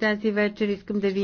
тази вечер искам да ви